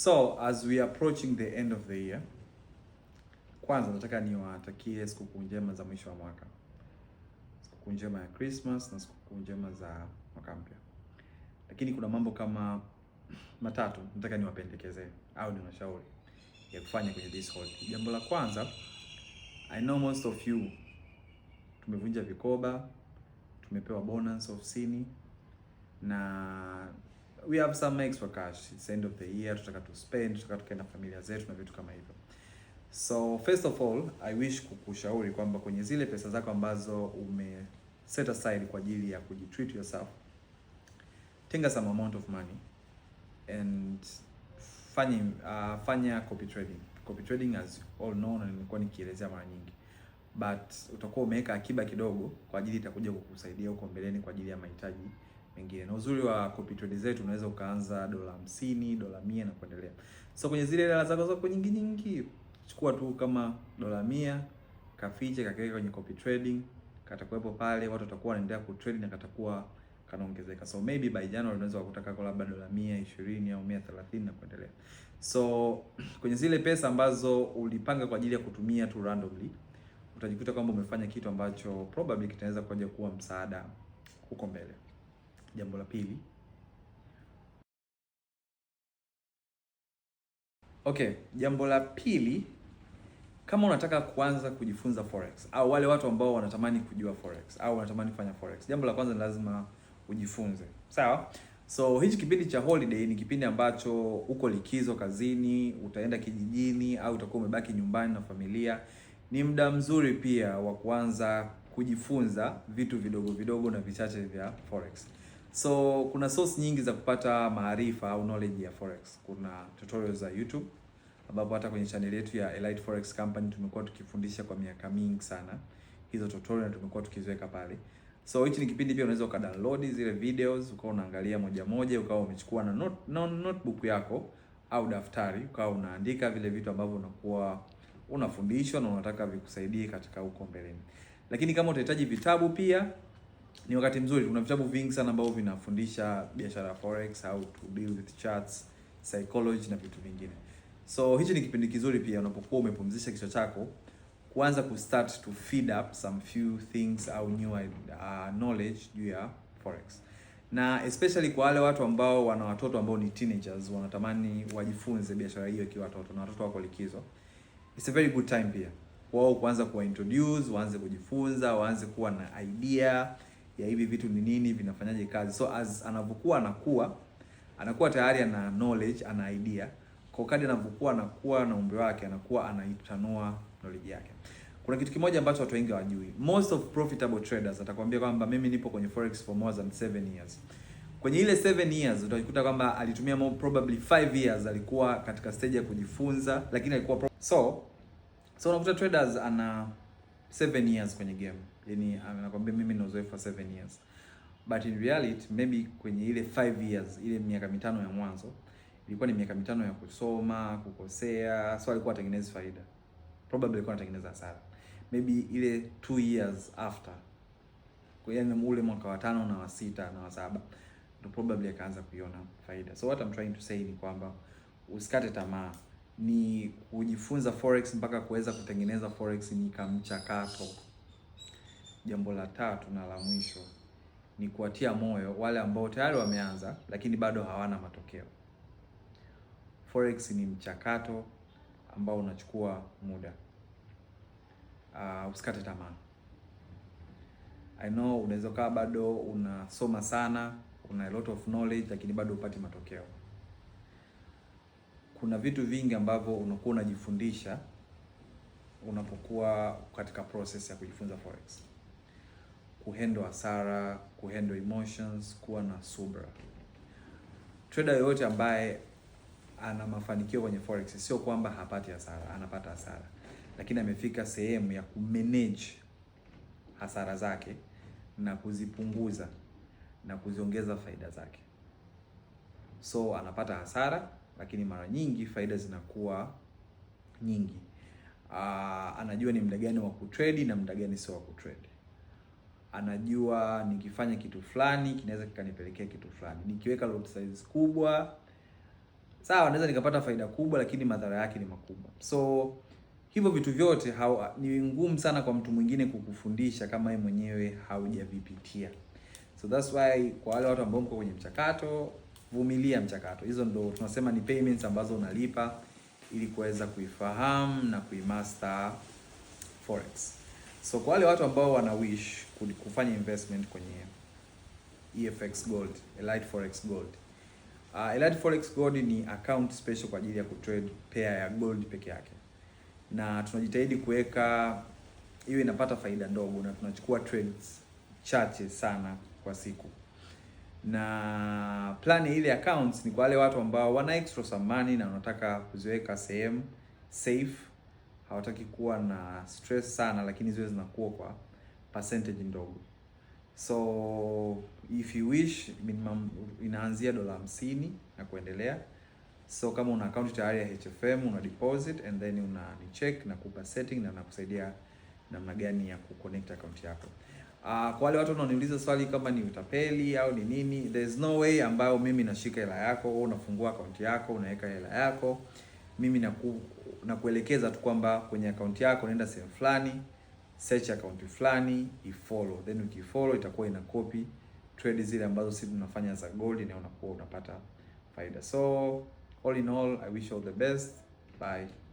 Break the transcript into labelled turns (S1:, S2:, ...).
S1: So as we approaching the end of the year, kwanza nataka niwatakie sikukuu njema za mwisho wa mwaka, sikukuu njema ya Christmas na sikukuu njema za mwaka mpya, lakini kuna mambo kama matatu nataka niwapendekezee au ni mashauri ya kufanya kwenye this holiday. Jambo la kwanza, I know most of you tumevunja vikoba, tumepewa bonus ofisini na we have some extra cash, it's end of the year, tutaka tu spend, tutaka tukaenda familia zetu na vitu kama hivyo. So first of all, I wish kukushauri kwamba kwenye zile pesa zako ambazo ume set aside kwa ajili ya kujitreat yourself, tenga some amount of money and fanya uh, fanya copy trading. Copy trading as all known na nimekuwa nikielezea mara nyingi, but utakuwa umeweka akiba kidogo kwa ajili itakuja kukusaidia huko mbeleni kwa ajili ya mahitaji mengine, na uzuri wa copy trade zetu unaweza ukaanza dola 50, dola 100 na kuendelea. So kwenye zile hela zako zako nyingi nyingi, chukua tu kama dola 100, kafiche kakaweka kwenye copy trading, katakuwepo pale, watu watakuwa wanaendelea ku trade na katakuwa kanaongezeka. So maybe by January unaweza kukuta kako labda dola 120 au 130 na kuendelea. So kwenye zile pesa ambazo ulipanga kwa ajili ya kutumia tu randomly, utajikuta kwamba umefanya kitu ambacho probably kitaweza kuja kuwa msaada huko mbele. Jambo la pili, okay, jambo la pili, kama unataka kuanza kujifunza forex au wale watu ambao wanatamani kujua forex au wanatamani kufanya forex, jambo la kwanza ni lazima ujifunze, sawa? So hichi kipindi cha holiday ni kipindi ambacho uko likizo kazini, utaenda kijijini au utakuwa umebaki nyumbani na familia. Ni muda mzuri pia wa kuanza kujifunza vitu vidogo vidogo na vichache vya forex. So kuna source nyingi za kupata maarifa au knowledge ya forex. Kuna tutorials za YouTube ambapo hata kwenye channel yetu ya Elite Forex Company tumekuwa tukifundisha kwa miaka mingi sana hizo tutorial tumekuwa tukiziweka pale. So hichi ni kipindi pia unaweza ukadownload zile videos ukawa unaangalia moja moja, ukawa umechukua na not, na notebook yako au daftari ukawa unaandika vile vitu ambavyo unakuwa unafundishwa na unataka vikusaidie katika huko mbeleni. Lakini kama utahitaji vitabu pia ni wakati mzuri. Kuna vitabu vingi sana ambavyo vinafundisha biashara ya forex, how to deal with charts, psychology na vitu vingine. So hichi ni kipindi kizuri pia unapokuwa umepumzisha kichwa chako kuanza ku start to feed up some few things au new uh, knowledge juu ya forex, na especially kwa wale watu ambao wana watoto ambao ni teenagers wanatamani wajifunze biashara hiyo ikiwa watoto na watoto wako likizo, it's a very good time pia wao kuanza kuwa introduce, waanze kujifunza, waanze kuwa na idea ya hivi vitu ni nini, vinafanyaje kazi. So as anavyokuwa anakuwa anakuwa tayari ana knowledge, ana idea. Kwa kadri anavyokuwa anakuwa na umbe wake, anakuwa anaitanua knowledge yake. Kuna kitu kimoja ambacho watu wengi hawajui. Most of profitable traders atakwambia kwamba mimi nipo kwenye forex for more than 7 years. Kwenye ile 7 years utakuta kwamba alitumia more probably 5 years alikuwa katika stage ya kujifunza, lakini alikuwa so so unakuta traders ana seven years kwenye game, yani anakwambia mimi na uzoefu wa seven years, but in reality maybe kwenye ile five years, ile miaka mitano ya mwanzo ilikuwa ni miaka mitano ya kusoma, kukosea, so alikuwa atengenezi faida, probably alikuwa anatengeneza hasara, maybe ile two years after, kwa yani ule mwaka wa tano na wa sita na wa saba ndo probably akaanza kuiona faida. So what I'm trying to say ni kwamba usikate tamaa ni kujifunza forex mpaka kuweza kutengeneza forex ni kamchakato. Jambo la tatu na la mwisho ni kuwatia moyo wale ambao tayari wameanza lakini bado hawana matokeo. Forex ni mchakato ambao unachukua muda. Uh, usikate tamaa. I know unaweza ukawa bado unasoma sana, una a lot of knowledge lakini bado upati matokeo kuna vitu vingi ambavyo unakuwa unajifundisha unapokuwa katika process ya kujifunza forex, kuhandle hasara, kuhandle emotions, kuwa na subra. Trader yoyote ambaye ana mafanikio kwenye forex sio kwamba hapati hasara, anapata hasara, lakini amefika sehemu ya kumanage hasara zake na kuzipunguza na kuziongeza faida zake. So anapata hasara lakini mara nyingi faida zinakuwa nyingi. Aa, ah, anajua ni muda gani wa kutrade na muda gani sio wa kutrade. Anajua nikifanya kitu fulani kinaweza kikanipelekea kitu fulani. Nikiweka lot size kubwa, sawa, naweza nikapata faida kubwa, lakini madhara yake ni makubwa. So hivyo vitu vyote hau, ni ngumu sana kwa mtu mwingine kukufundisha kama yeye mwenyewe haujavipitia. So that's why kwa wale watu ambao mko kwenye mchakato vumilia mchakato. Hizo ndo tunasema ni payments ambazo unalipa ili kuweza kuifahamu na kuimaster forex. So kwa wale watu ambao wana wish kufanya investment kwenye EFX Gold, Elite Forex Gold. Uh, Elite Forex Gold ni account special kwa ajili ya kutrade pair ya gold peke yake, na tunajitahidi kuweka hiyo inapata faida ndogo, na tunachukua trades chache sana kwa siku na plani ile accounts ni kwa wale watu ambao wana extra some money na wanataka kuziweka sehemu safe, hawataki kuwa na stress sana, lakini ziwe zinakuwa kwa percentage ndogo. So if you wish, minimum inaanzia dola hamsini na kuendelea. So kama una account tayari ya HFM una deposit and then una ni check na kupa setting na nakusaidia namna gani ya kuconnect account yako. Uh, kwa wale watu wanaoniuliza swali kama ni utapeli au ni nini, there's no way ambayo mimi nashika hela yako, wewe unafungua akaunti yako, unaweka hela yako, mimi naku, nakuelekeza tu kwamba kwenye akaunti yako nenda sehemu fulani, search akaunti fulani, ifollow, then ukifollow itakuwa ina copy trade zile ambazo sisi tunafanya za gold, na unakuwa unapata faida. So all in all, I wish all the best, bye.